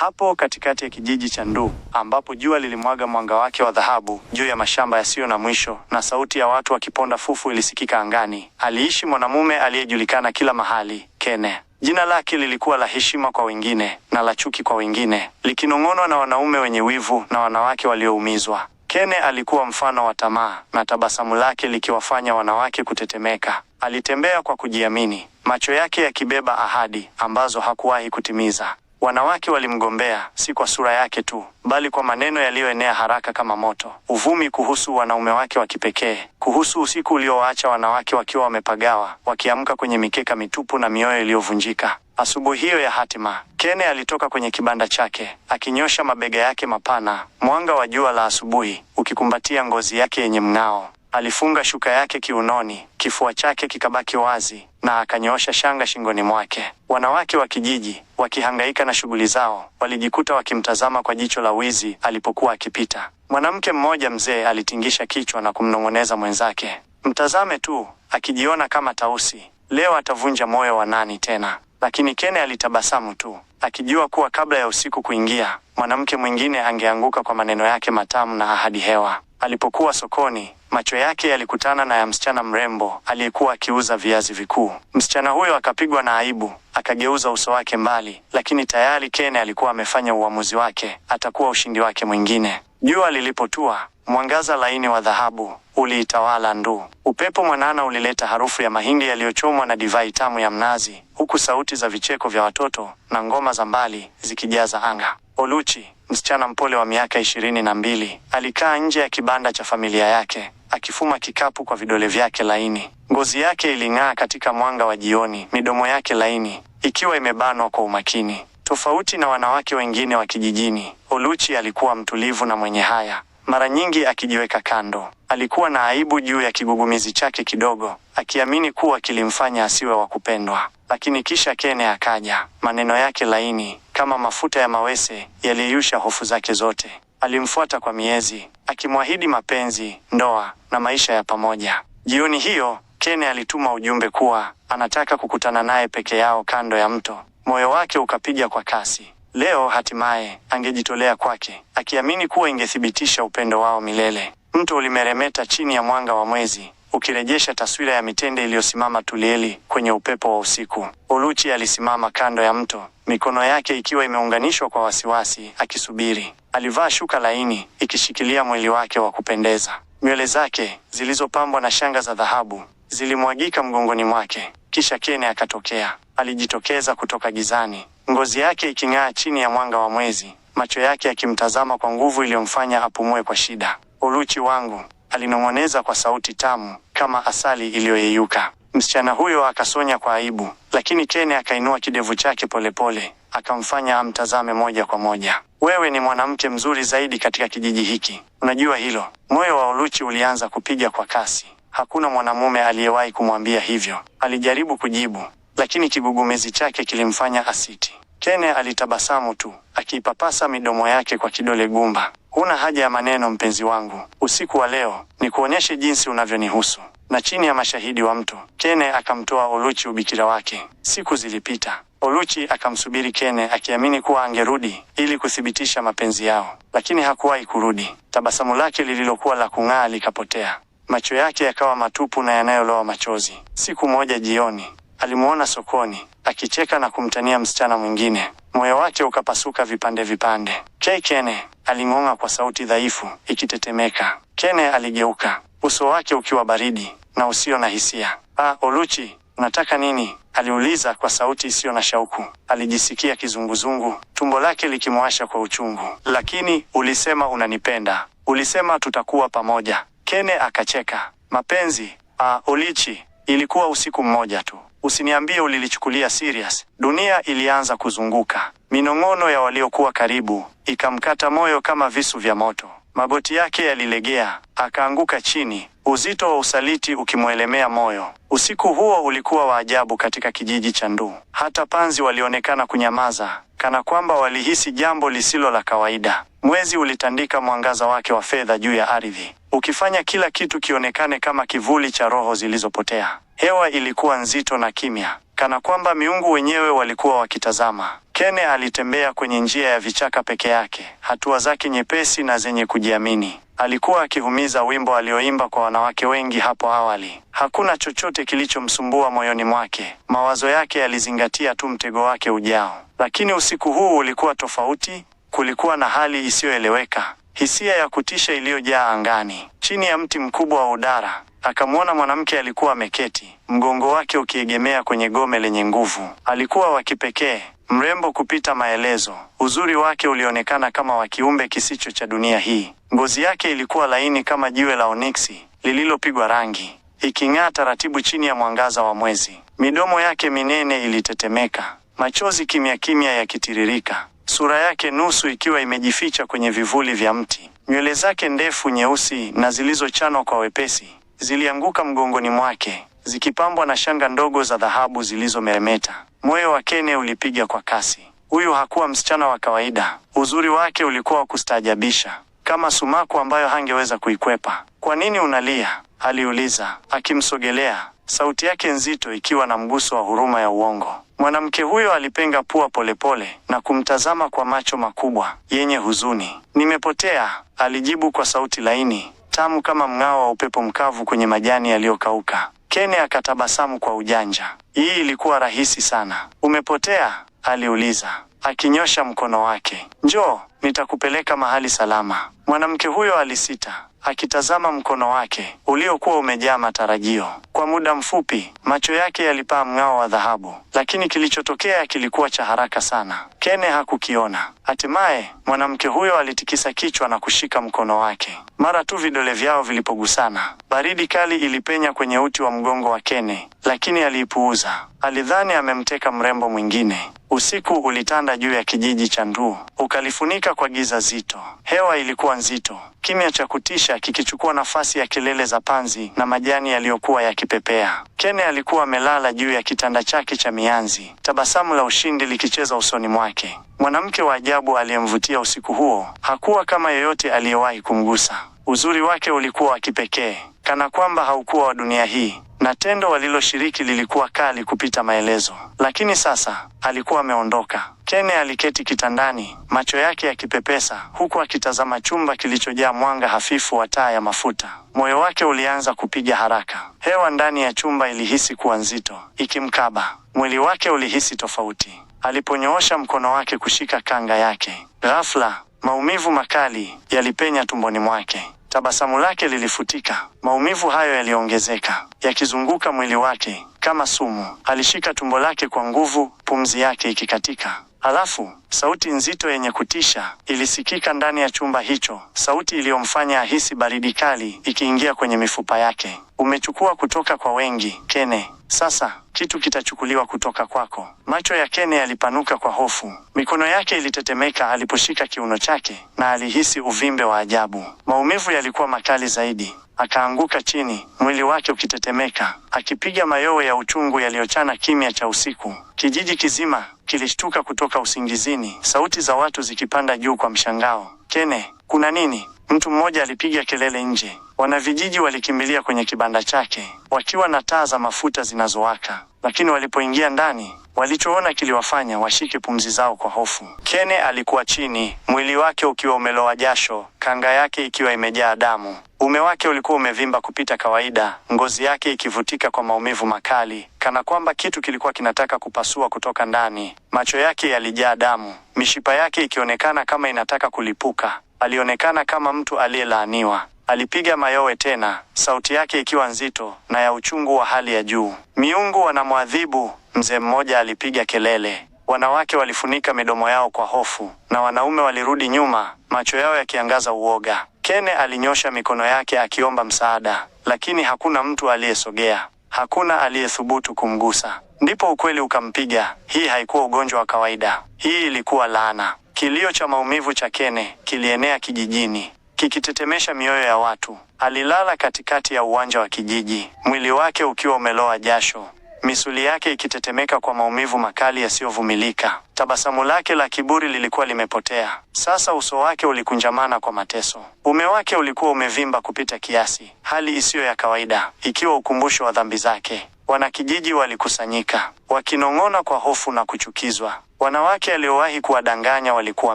hapo katikati ya kijiji cha ndu ambapo jua lilimwaga mwanga wake wa dhahabu juu ya mashamba yasiyo na mwisho na sauti ya watu wakiponda fufu ilisikika angani, aliishi mwanamume aliyejulikana kila mahali, Kene. Jina lake lilikuwa la heshima kwa wengine na la chuki kwa wengine, likinong'onwa na wanaume wenye wivu na wanawake walioumizwa. Kene alikuwa mfano wa tamaa na tabasamu lake likiwafanya wanawake kutetemeka. Alitembea kwa kujiamini, macho yake yakibeba ahadi ambazo hakuwahi kutimiza. Wanawake walimgombea si kwa sura yake tu, bali kwa maneno yaliyoenea haraka kama moto, uvumi kuhusu wanaume wake wa kipekee, kuhusu usiku uliowaacha wanawake wakiwa wamepagawa, wakiamka kwenye mikeka mitupu na mioyo iliyovunjika. Asubuhi hiyo ya hatima, Kene alitoka kwenye kibanda chake akinyosha mabega yake mapana, mwanga wa jua la asubuhi ukikumbatia ngozi yake yenye mng'ao. Alifunga shuka yake kiunoni, kifua chake kikabaki wazi na akanyoosha shanga shingoni mwake. Wanawake wa kijiji wakihangaika na shughuli zao, walijikuta wakimtazama kwa jicho la wizi alipokuwa akipita. Mwanamke mmoja mzee alitingisha kichwa na kumnong'oneza mwenzake, mtazame tu, akijiona kama tausi, leo atavunja moyo wa nani tena? Lakini Kene alitabasamu tu akijua kuwa kabla ya usiku kuingia, mwanamke mwingine angeanguka kwa maneno yake matamu na ahadi hewa. Alipokuwa sokoni Macho yake yalikutana na ya msichana mrembo aliyekuwa akiuza viazi vikuu. Msichana huyo akapigwa na aibu, akageuza uso wake mbali, lakini tayari Kene alikuwa amefanya uamuzi wake, atakuwa ushindi wake mwingine. Jua lilipotua, mwangaza laini wa dhahabu uliitawala ndu Upepo mwanana ulileta harufu ya mahindi yaliyochomwa na divai tamu ya mnazi, huku sauti za vicheko vya watoto na ngoma za mbali zikijaza anga. Oluchi Msichana mpole wa miaka ishirini na mbili alikaa nje ya kibanda cha familia yake akifuma kikapu kwa vidole vyake laini. Ngozi yake iling'aa katika mwanga wa jioni, midomo yake laini ikiwa imebanwa kwa umakini. Tofauti na wanawake wengine wa kijijini, Oluchi alikuwa mtulivu na mwenye haya, mara nyingi akijiweka kando. Alikuwa na aibu juu ya kigugumizi chake kidogo, akiamini kuwa kilimfanya asiwe wa kupendwa. Lakini kisha Kene akaja, maneno yake laini kama mafuta ya mawese yaliyeyusha hofu zake zote. Alimfuata kwa miezi, akimwahidi mapenzi, ndoa na maisha ya pamoja. Jioni hiyo Kene alituma ujumbe kuwa anataka kukutana naye peke yao kando ya mto. Moyo wake ukapiga kwa kasi. Leo hatimaye angejitolea kwake, akiamini kuwa ingethibitisha upendo wao milele. Mto ulimeremeta chini ya mwanga wa mwezi, ukirejesha taswira ya mitende iliyosimama tulieli kwenye upepo wa usiku. Oluchi alisimama kando ya mto, mikono yake ikiwa imeunganishwa kwa wasiwasi, akisubiri. Alivaa shuka laini ikishikilia mwili wake wa kupendeza. Nywele zake zilizopambwa na shanga za dhahabu zilimwagika mgongoni mwake. Kisha Kene akatokea. Alijitokeza kutoka gizani, ngozi yake iking'aa chini ya mwanga wa mwezi, macho yake yakimtazama kwa nguvu iliyomfanya apumue kwa shida. Oluchi wangu alinong'oneza kwa sauti tamu kama asali iliyoyeyuka. Msichana huyo akasonya kwa aibu, lakini Kene akainua kidevu chake polepole, akamfanya amtazame moja kwa moja. Wewe ni mwanamke mzuri zaidi katika kijiji hiki, unajua hilo? Moyo wa Oluchi ulianza kupiga kwa kasi. Hakuna mwanamume aliyewahi kumwambia hivyo. Alijaribu kujibu, lakini kigugumizi chake kilimfanya asiti. Kene alitabasamu tu akiipapasa midomo yake kwa kidole gumba. Huna haja ya maneno mpenzi wangu, usiku wa leo ni kuonyeshe jinsi unavyonihusu. Na chini ya mashahidi wa mtu, Kene akamtoa Oluchi ubikira wake. Siku zilipita, Oluchi akamsubiri Kene akiamini kuwa angerudi ili kuthibitisha mapenzi yao, lakini hakuwahi kurudi. Tabasamu lake lililokuwa la kung'aa likapotea, macho yake yakawa matupu na yanayoloa machozi. Siku moja jioni alimuona sokoni akicheka na kumtania msichana mwingine. Moyo wake ukapasuka vipande vipande. Kekene Kene, aling'ong'a kwa sauti dhaifu ikitetemeka. Kene aligeuka, uso wake ukiwa baridi na usio na hisia. Ah, Oluchi, unataka nini? aliuliza kwa sauti isiyo na shauku. Alijisikia kizunguzungu, tumbo lake likimwasha kwa uchungu. Lakini ulisema unanipenda, ulisema tutakuwa pamoja. Kene akacheka. Mapenzi? Ah, Oluchi, ilikuwa usiku mmoja tu. Usiniambie ulilichukulia serious. Dunia ilianza kuzunguka. Minong'ono ya waliokuwa karibu ikamkata moyo kama visu vya moto. Magoti yake yalilegea, akaanguka chini, uzito wa usaliti ukimwelemea moyo. Usiku huo ulikuwa wa ajabu katika kijiji cha ndu Hata panzi walionekana kunyamaza, kana kwamba walihisi jambo lisilo la kawaida. Mwezi ulitandika mwangaza wake wa fedha juu ya ardhi, ukifanya kila kitu kionekane kama kivuli cha roho zilizopotea. Hewa ilikuwa nzito na kimya, kana kwamba miungu wenyewe walikuwa wakitazama. Kene alitembea kwenye njia ya vichaka peke yake, hatua zake nyepesi na zenye kujiamini. Alikuwa akihumiza wimbo alioimba kwa wanawake wengi hapo awali. Hakuna chochote kilichomsumbua moyoni mwake, mawazo yake yalizingatia tu mtego wake ujao. Lakini usiku huu ulikuwa tofauti. Kulikuwa na hali isiyoeleweka, hisia ya kutisha iliyojaa angani. Chini ya mti mkubwa wa udara, Akamwona mwanamke alikuwa ameketi, mgongo wake ukiegemea kwenye gome lenye nguvu. Alikuwa wa kipekee, mrembo kupita maelezo. Uzuri wake ulionekana kama wa kiumbe kisicho cha dunia hii. Ngozi yake ilikuwa laini kama jiwe la oniksi lililopigwa rangi, iking'aa taratibu chini ya mwangaza wa mwezi. Midomo yake minene ilitetemeka, machozi kimya kimya yakitiririka, sura yake nusu ikiwa imejificha kwenye vivuli vya mti. Nywele zake ndefu nyeusi na zilizochanwa kwa wepesi zilianguka mgongoni mwake zikipambwa na shanga ndogo za dhahabu zilizomeremeta. Moyo wa Kene ulipiga kwa kasi. Huyu hakuwa msichana wa kawaida. Uzuri wake ulikuwa wa kustaajabisha, kama sumaku ambayo hangeweza kuikwepa. Kwa nini unalia? aliuliza akimsogelea, sauti yake nzito ikiwa na mguso wa huruma ya uongo. Mwanamke huyo alipenga pua polepole pole, na kumtazama kwa macho makubwa yenye huzuni. Nimepotea, alijibu kwa sauti laini, tamu kama mng'ao wa upepo mkavu kwenye majani yaliyokauka. Kene akatabasamu kwa ujanja. Hii ilikuwa rahisi sana. Umepotea? aliuliza akinyosha mkono wake. Njoo, nitakupeleka mahali salama. Mwanamke huyo alisita, akitazama mkono wake uliokuwa umejaa matarajio. Kwa muda mfupi macho yake yalipaa mng'ao wa dhahabu, lakini kilichotokea kilikuwa cha haraka sana. Kene hakukiona. Hatimaye mwanamke huyo alitikisa kichwa na kushika mkono wake. Mara tu vidole vyao vilipogusana, baridi kali ilipenya kwenye uti wa mgongo wa Kene, lakini aliipuuza. Alidhani amemteka mrembo mwingine, Usiku ulitanda juu ya kijiji cha Nduu, ukalifunika kwa giza zito. Hewa ilikuwa nzito, kimya cha kutisha kikichukua nafasi ya kelele za panzi na majani yaliyokuwa yakipepea. Kene alikuwa amelala juu ya kitanda chake cha mianzi, tabasamu la ushindi likicheza usoni mwake. Mwanamke wa ajabu aliyemvutia usiku huo hakuwa kama yeyote aliyewahi kumgusa. Uzuri wake ulikuwa wa kipekee kana kwamba haukuwa wa dunia hii, na tendo waliloshiriki lilikuwa kali kupita maelezo. Lakini sasa alikuwa ameondoka. Kene aliketi kitandani, macho yake yakipepesa, huku akitazama chumba kilichojaa mwanga hafifu wa taa ya mafuta. Moyo wake ulianza kupiga haraka. Hewa ndani ya chumba ilihisi kuwa nzito, ikimkaba mwili wake. Ulihisi tofauti aliponyoosha mkono wake kushika kanga yake. Ghafla maumivu makali yalipenya tumboni mwake. Tabasamu lake lilifutika, maumivu hayo yaliongezeka, yakizunguka mwili wake kama sumu. Alishika tumbo lake kwa nguvu, pumzi yake ikikatika. Halafu sauti nzito yenye kutisha ilisikika ndani ya chumba hicho, sauti iliyomfanya ahisi baridi kali ikiingia kwenye mifupa yake. Umechukua kutoka kwa wengi Kene, sasa kitu kitachukuliwa kutoka kwako. Macho ya Kene yalipanuka kwa hofu, mikono yake ilitetemeka aliposhika kiuno chake, na alihisi uvimbe wa ajabu. Maumivu yalikuwa makali zaidi akaanguka chini, mwili wake ukitetemeka, akipiga mayowe ya uchungu yaliyochana kimya cha usiku. Kijiji kizima kilishtuka kutoka usingizini, sauti za watu zikipanda juu kwa mshangao. Kene, kuna nini? Mtu mmoja alipiga kelele nje. Wanavijiji walikimbilia kwenye kibanda chake wakiwa na taa za mafuta zinazowaka, lakini walipoingia ndani Walichoona kiliwafanya washike pumzi zao kwa hofu. Kene alikuwa chini, mwili wake ukiwa umelowa jasho, kanga yake ikiwa imejaa damu. Ume wake ulikuwa umevimba kupita kawaida, ngozi yake ikivutika kwa maumivu makali, kana kwamba kitu kilikuwa kinataka kupasua kutoka ndani. Macho yake yalijaa damu, mishipa yake ikionekana kama inataka kulipuka. Alionekana kama mtu aliyelaaniwa. Alipiga mayowe tena, sauti yake ikiwa nzito na ya uchungu wa hali ya juu. Miungu wanamwadhibu, Mzee mmoja alipiga kelele. Wanawake walifunika midomo yao kwa hofu na wanaume walirudi nyuma, macho yao yakiangaza uoga. Kene alinyosha mikono yake akiomba msaada, lakini hakuna mtu aliyesogea, hakuna aliyethubutu kumgusa. Ndipo ukweli ukampiga. Hii haikuwa ugonjwa wa kawaida, hii ilikuwa laana. Kilio cha maumivu cha Kene kilienea kijijini, kikitetemesha mioyo ya watu. Alilala katikati ya uwanja wa kijiji, mwili wake ukiwa umeloa jasho misuli yake ikitetemeka kwa maumivu makali yasiyovumilika. Tabasamu lake la kiburi lilikuwa limepotea. Sasa uso wake ulikunjamana kwa mateso. Ume wake ulikuwa umevimba kupita kiasi, hali isiyo ya kawaida, ikiwa ukumbusho wa dhambi zake. Wanakijiji walikusanyika wakinong'ona kwa hofu na kuchukizwa. Wanawake aliowahi kuwadanganya walikuwa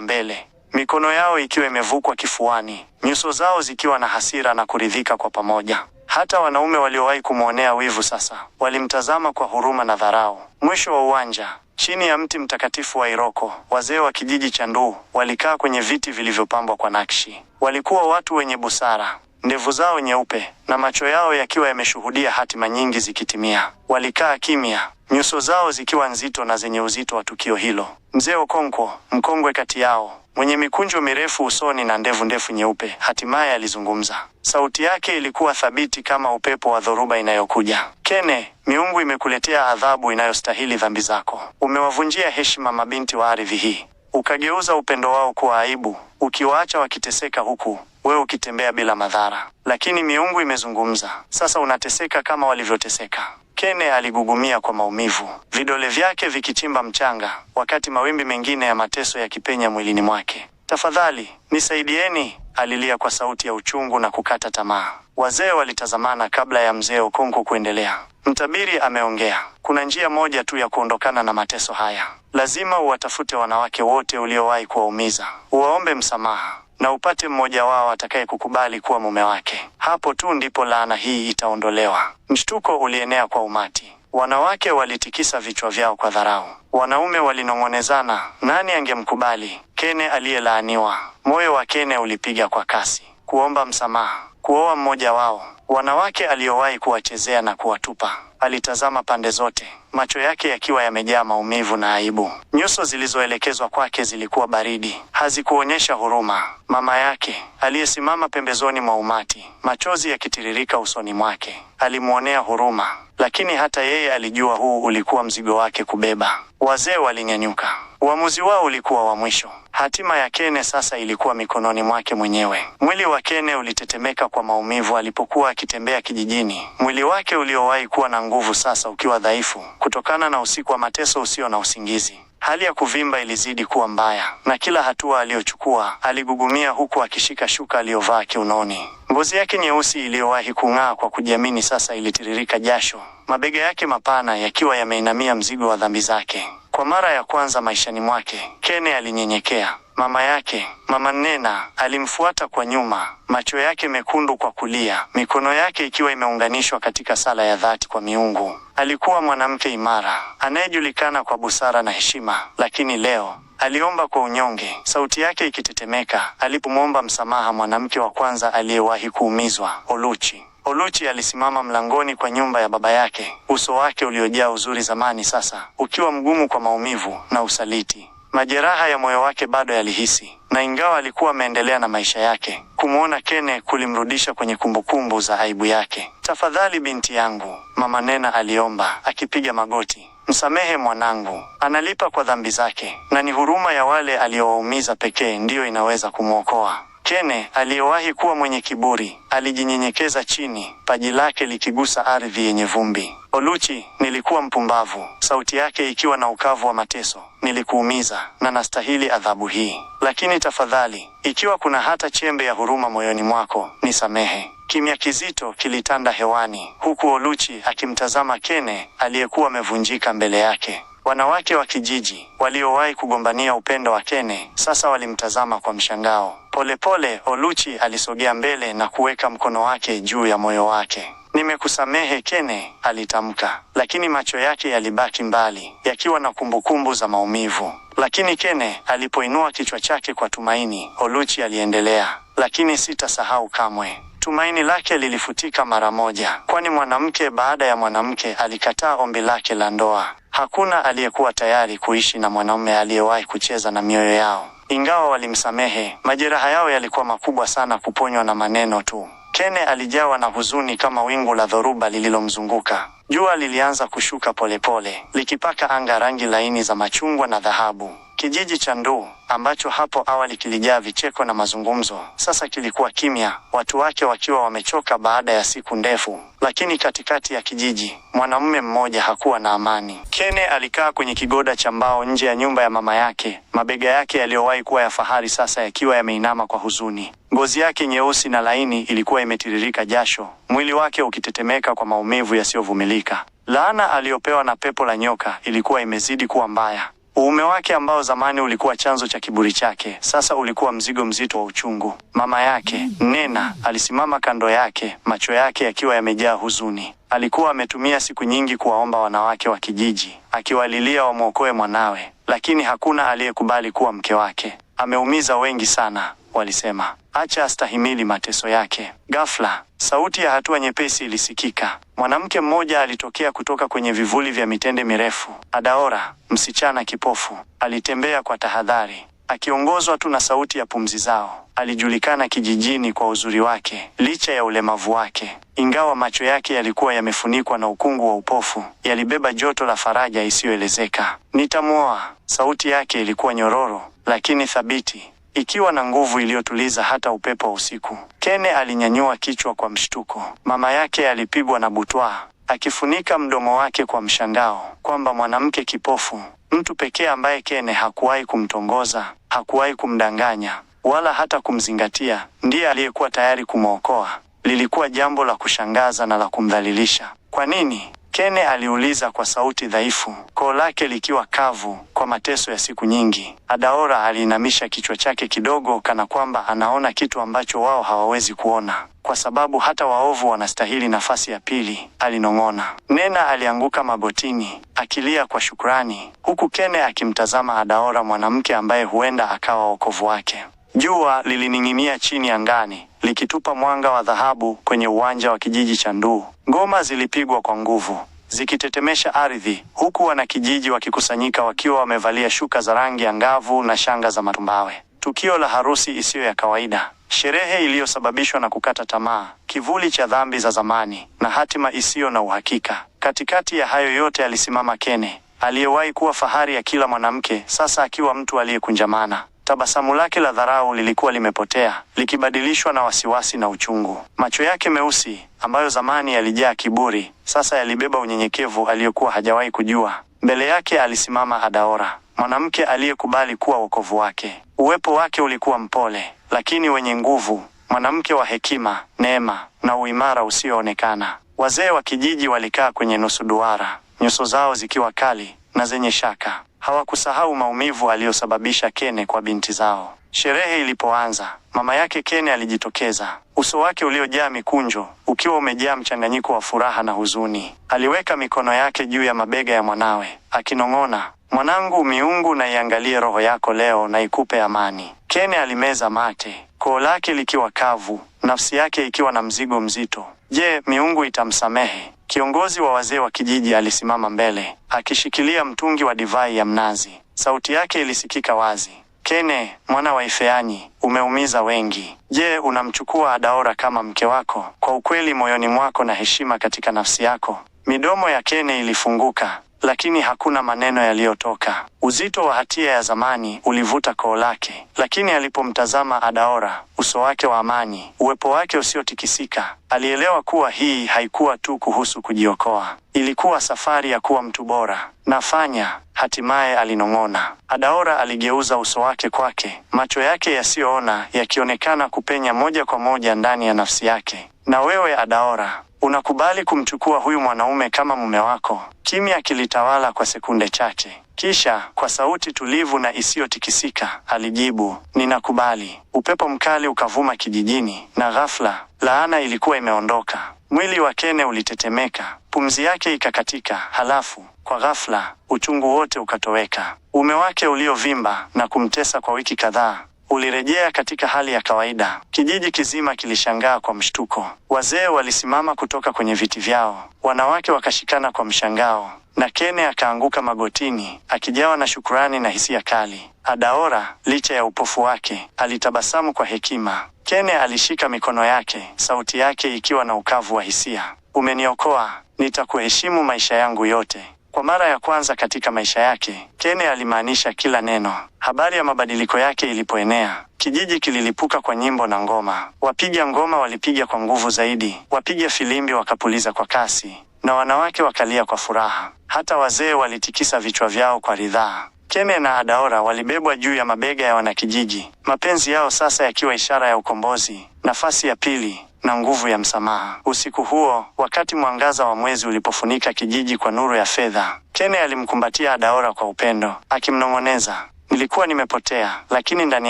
mbele, mikono yao ikiwa imevukwa kifuani, nyuso zao zikiwa na hasira na kuridhika kwa pamoja. Hata wanaume waliowahi kumwonea wivu sasa walimtazama kwa huruma na dharau. Mwisho wa uwanja, chini ya mti mtakatifu wa Iroko, wazee wa kijiji cha Nduu walikaa kwenye viti vilivyopambwa kwa nakshi. Walikuwa watu wenye busara, ndevu zao nyeupe na macho yao yakiwa yameshuhudia hatima nyingi zikitimia. Walikaa kimya, nyuso zao zikiwa nzito na zenye uzito wa tukio hilo. Mzee Okonkwo, mkongwe kati yao mwenye mikunjo mirefu usoni na ndevu ndefu nyeupe, hatimaye alizungumza. Sauti yake ilikuwa thabiti kama upepo wa dhoruba inayokuja. Kene, miungu imekuletea adhabu inayostahili dhambi zako. Umewavunjia heshima mabinti wa ardhi hii, ukageuza upendo wao kuwa aibu, ukiwaacha wakiteseka huku wewe ukitembea bila madhara. Lakini miungu imezungumza, sasa unateseka kama walivyoteseka. Kene aligugumia kwa maumivu, vidole vyake vikichimba mchanga, wakati mawimbi mengine ya mateso yakipenya mwilini mwake. Tafadhali nisaidieni, alilia kwa sauti ya uchungu na kukata tamaa. Wazee walitazamana kabla ya mzee Okonko kuendelea. Mtabiri ameongea, kuna njia moja tu ya kuondokana na mateso haya. Lazima uwatafute wanawake wote uliowahi kuwaumiza, uwaombe msamaha na upate mmoja wao atakaye kukubali kuwa mume wake. Hapo tu ndipo laana hii itaondolewa. Mshtuko ulienea kwa umati. Wanawake walitikisa vichwa vyao kwa dharau, wanaume walinong'onezana, nani angemkubali Kene aliyelaaniwa? Moyo wa Kene ulipiga kwa kasi, kuomba msamaha, kuoa mmoja wao wanawake aliyowahi kuwachezea na kuwatupa. Alitazama pande zote, macho yake yakiwa yamejaa maumivu na aibu. Nyuso zilizoelekezwa kwake zilikuwa baridi, hazikuonyesha huruma. Mama yake aliyesimama pembezoni mwa umati, machozi yakitiririka usoni mwake, alimwonea huruma, lakini hata yeye alijua huu ulikuwa mzigo wake kubeba. Wazee walinyanyuka, uamuzi wao ulikuwa wa mwisho. Hatima ya Kene sasa ilikuwa mikononi mwake mwenyewe. Mwili wa Kene ulitetemeka kwa maumivu alipokuwa akitembea kijijini, mwili wake uliowahi kuwa na nguvu sasa ukiwa dhaifu kutokana na usiku wa mateso usio na usingizi. Hali ya kuvimba ilizidi kuwa mbaya, na kila hatua aliyochukua aligugumia, huku akishika shuka aliyovaa kiunoni. Ngozi yake nyeusi iliyowahi kung'aa kwa kujiamini sasa ilitiririka jasho, mabega yake mapana yakiwa yameinamia mzigo wa dhambi zake. Kwa mara ya kwanza maishani mwake, Kene alinyenyekea. Mama yake, Mama Nena, alimfuata kwa nyuma, macho yake mekundu kwa kulia, mikono yake ikiwa imeunganishwa katika sala ya dhati kwa miungu. Alikuwa mwanamke imara, anayejulikana kwa busara na heshima, lakini leo aliomba kwa unyonge, sauti yake ikitetemeka alipomwomba msamaha mwanamke wa kwanza aliyewahi kuumizwa, Oluchi. Oluchi alisimama mlangoni kwa nyumba ya baba yake, uso wake uliojaa uzuri zamani sasa ukiwa mgumu kwa maumivu na usaliti. Majeraha ya moyo wake bado yalihisi, na ingawa alikuwa ameendelea na maisha yake, kumwona Kene kulimrudisha kwenye kumbukumbu za aibu yake. Tafadhali binti yangu, mama Nena aliomba akipiga magoti, msamehe mwanangu, analipa kwa dhambi zake, na ni huruma ya wale aliowaumiza pekee ndiyo inaweza kumwokoa. Kene aliyewahi kuwa mwenye kiburi alijinyenyekeza chini, paji lake likigusa ardhi yenye vumbi. Oluchi, nilikuwa mpumbavu, sauti yake ikiwa na ukavu wa mateso. Nilikuumiza na nastahili adhabu hii, lakini tafadhali, ikiwa kuna hata chembe ya huruma moyoni mwako, nisamehe. Kimya kizito kilitanda hewani, huku Oluchi akimtazama Kene aliyekuwa amevunjika mbele yake. Wanawake wa kijiji waliowahi kugombania upendo wa Kene sasa walimtazama kwa mshangao. Polepole pole, Oluchi alisogea mbele na kuweka mkono wake juu ya moyo wake. Nimekusamehe Kene, alitamka, lakini macho yake yalibaki mbali, yakiwa na kumbukumbu za maumivu. Lakini Kene alipoinua kichwa chake kwa tumaini, Oluchi aliendelea, lakini sitasahau kamwe. Tumaini lake lilifutika mara moja, kwani mwanamke baada ya mwanamke alikataa ombi lake la ndoa. Hakuna aliyekuwa tayari kuishi na mwanaume aliyewahi kucheza na mioyo yao. Ingawa walimsamehe, majeraha yao yalikuwa makubwa sana kuponywa na maneno tu. Kene alijawa na huzuni kama wingu la dhoruba lililomzunguka. Jua lilianza kushuka polepole, likipaka anga rangi laini za machungwa na dhahabu. Kijiji cha ndu ambacho hapo awali kilijaa vicheko na mazungumzo, sasa kilikuwa kimya, watu wake wakiwa wamechoka baada ya siku ndefu. Lakini katikati ya kijiji, mwanamume mmoja hakuwa na amani. Kene alikaa kwenye kigoda cha mbao nje ya nyumba ya mama yake, mabega yake yaliyowahi kuwa ya fahari sasa yakiwa yameinama kwa huzuni. Ngozi yake nyeusi na laini ilikuwa imetiririka jasho, mwili wake ukitetemeka kwa maumivu yasiyovumilika. Laana aliyopewa na pepo la nyoka ilikuwa imezidi kuwa mbaya. Uume wake ambao zamani ulikuwa chanzo cha kiburi chake, sasa ulikuwa mzigo mzito wa uchungu. Mama yake Nena alisimama kando yake, macho yake yakiwa yamejaa huzuni. Alikuwa ametumia siku nyingi kuwaomba wanawake wa kijiji, akiwalilia wamwokoe mwanawe, lakini hakuna aliyekubali kuwa mke wake. Ameumiza wengi sana walisema, acha astahimili mateso yake. Ghafla sauti ya hatua nyepesi ilisikika. Mwanamke mmoja alitokea kutoka kwenye vivuli vya mitende mirefu. Adaora, msichana kipofu, alitembea kwa tahadhari, akiongozwa tu na sauti ya pumzi zao. Alijulikana kijijini kwa uzuri wake licha ya ulemavu wake. Ingawa macho yake yalikuwa yamefunikwa na ukungu wa upofu, yalibeba joto la faraja isiyoelezeka. Nitamwoa, sauti yake ilikuwa nyororo lakini thabiti ikiwa na nguvu iliyotuliza hata upepo wa usiku. Kene alinyanyua kichwa kwa mshtuko. Mama yake alipigwa na butwa akifunika mdomo wake kwa mshangao kwamba mwanamke kipofu, mtu pekee ambaye Kene hakuwahi kumtongoza, hakuwahi kumdanganya wala hata kumzingatia, ndiye aliyekuwa tayari kumwokoa. Lilikuwa jambo la kushangaza na la kumdhalilisha. Kwa nini? Kene aliuliza kwa sauti dhaifu, koo lake likiwa kavu kwa mateso ya siku nyingi. Adaora aliinamisha kichwa chake kidogo, kana kwamba anaona kitu ambacho wao hawawezi kuona, kwa sababu hata waovu wanastahili nafasi ya pili, alinong'ona. Nena alianguka magotini akilia kwa shukrani, huku Kene akimtazama Adaora, mwanamke ambaye huenda akawa wokovu wake. Jua lilining'inia chini angani likitupa mwanga wa dhahabu kwenye uwanja wa kijiji cha Nduu. Ngoma zilipigwa kwa nguvu zikitetemesha ardhi, huku wanakijiji wakikusanyika wakiwa wamevalia shuka za rangi angavu na shanga za matumbawe. Tukio la harusi isiyo ya kawaida, sherehe iliyosababishwa na kukata tamaa, kivuli cha dhambi za zamani na hatima isiyo na uhakika. Katikati ya hayo yote, alisimama Kene aliyewahi kuwa fahari ya kila mwanamke, sasa akiwa mtu aliyekunjamana. Tabasamu lake la dharau lilikuwa limepotea, likibadilishwa na wasiwasi na uchungu. Macho yake meusi ambayo zamani yalijaa kiburi, sasa yalibeba unyenyekevu aliyokuwa hajawahi kujua. Mbele yake alisimama Adaora, mwanamke aliyekubali kuwa wokovu wake. Uwepo wake ulikuwa mpole lakini wenye nguvu, mwanamke wa hekima, neema na uimara usioonekana. Wazee wa kijiji walikaa kwenye nusu duara, nyuso zao zikiwa kali na zenye shaka. Hawakusahau maumivu aliyosababisha Kene kwa binti zao. Sherehe ilipoanza, mama yake Kene alijitokeza, uso wake uliojaa mikunjo ukiwa umejaa mchanganyiko wa furaha na huzuni. Aliweka mikono yake juu ya mabega ya mwanawe akinong'ona, mwanangu, miungu na iangalie roho yako leo na ikupe amani. Kene alimeza mate, koo lake likiwa kavu nafsi yake ikiwa na mzigo mzito. Je, miungu itamsamehe? Kiongozi wa wazee wa kijiji alisimama mbele akishikilia mtungi wa divai ya mnazi. Sauti yake ilisikika wazi. Kene, mwana wa Ifeanyi, umeumiza wengi. Je, unamchukua Adaora kama mke wako kwa ukweli moyoni mwako na heshima katika nafsi yako? Midomo ya Kene ilifunguka lakini hakuna maneno yaliyotoka. Uzito wa hatia ya zamani ulivuta koo lake, lakini alipomtazama Adaora, uso wake wa amani, uwepo wake usiotikisika, alielewa kuwa hii haikuwa tu kuhusu kujiokoa, ilikuwa safari ya kuwa mtu bora. Nafanya, hatimaye alinong'ona. Adaora aligeuza uso wake kwake, macho yake yasiyoona yakionekana kupenya moja kwa moja ndani ya nafsi yake. Na wewe Adaora, Unakubali kumchukua huyu mwanaume kama mume wako? Kimya kilitawala kwa sekunde chache, kisha kwa sauti tulivu na isiyotikisika alijibu, ninakubali. Upepo mkali ukavuma kijijini, na ghafla laana ilikuwa imeondoka. Mwili wa Kene ulitetemeka, pumzi yake ikakatika. Halafu kwa ghafla uchungu wote ukatoweka, ume wake uliovimba na kumtesa kwa wiki kadhaa ulirejea katika hali ya kawaida. Kijiji kizima kilishangaa kwa mshtuko. Wazee walisimama kutoka kwenye viti vyao, wanawake wakashikana kwa mshangao, na Kene akaanguka magotini akijawa na shukrani na hisia kali. Adaora, licha ya upofu wake, alitabasamu kwa hekima. Kene alishika mikono yake, sauti yake ikiwa na ukavu wa hisia. Umeniokoa, nitakuheshimu maisha yangu yote. Kwa mara ya kwanza katika maisha yake, Kene alimaanisha kila neno. Habari ya mabadiliko yake ilipoenea, kijiji kililipuka kwa nyimbo na ngoma. Wapiga ngoma walipiga kwa nguvu zaidi, wapiga filimbi wakapuliza kwa kasi, na wanawake wakalia kwa furaha. Hata wazee walitikisa vichwa vyao kwa ridhaa. Kene na Adaora walibebwa juu ya mabega ya wanakijiji, mapenzi yao sasa yakiwa ishara ya ukombozi, nafasi ya pili, na nguvu ya msamaha. Usiku huo, wakati mwangaza wa mwezi ulipofunika kijiji kwa nuru ya fedha, Kene alimkumbatia Adaora kwa upendo, akimnong'oneza, nilikuwa nimepotea, lakini ndani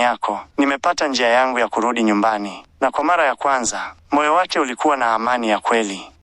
yako nimepata njia yangu ya kurudi nyumbani. Na kwa mara ya kwanza, moyo wake ulikuwa na amani ya kweli.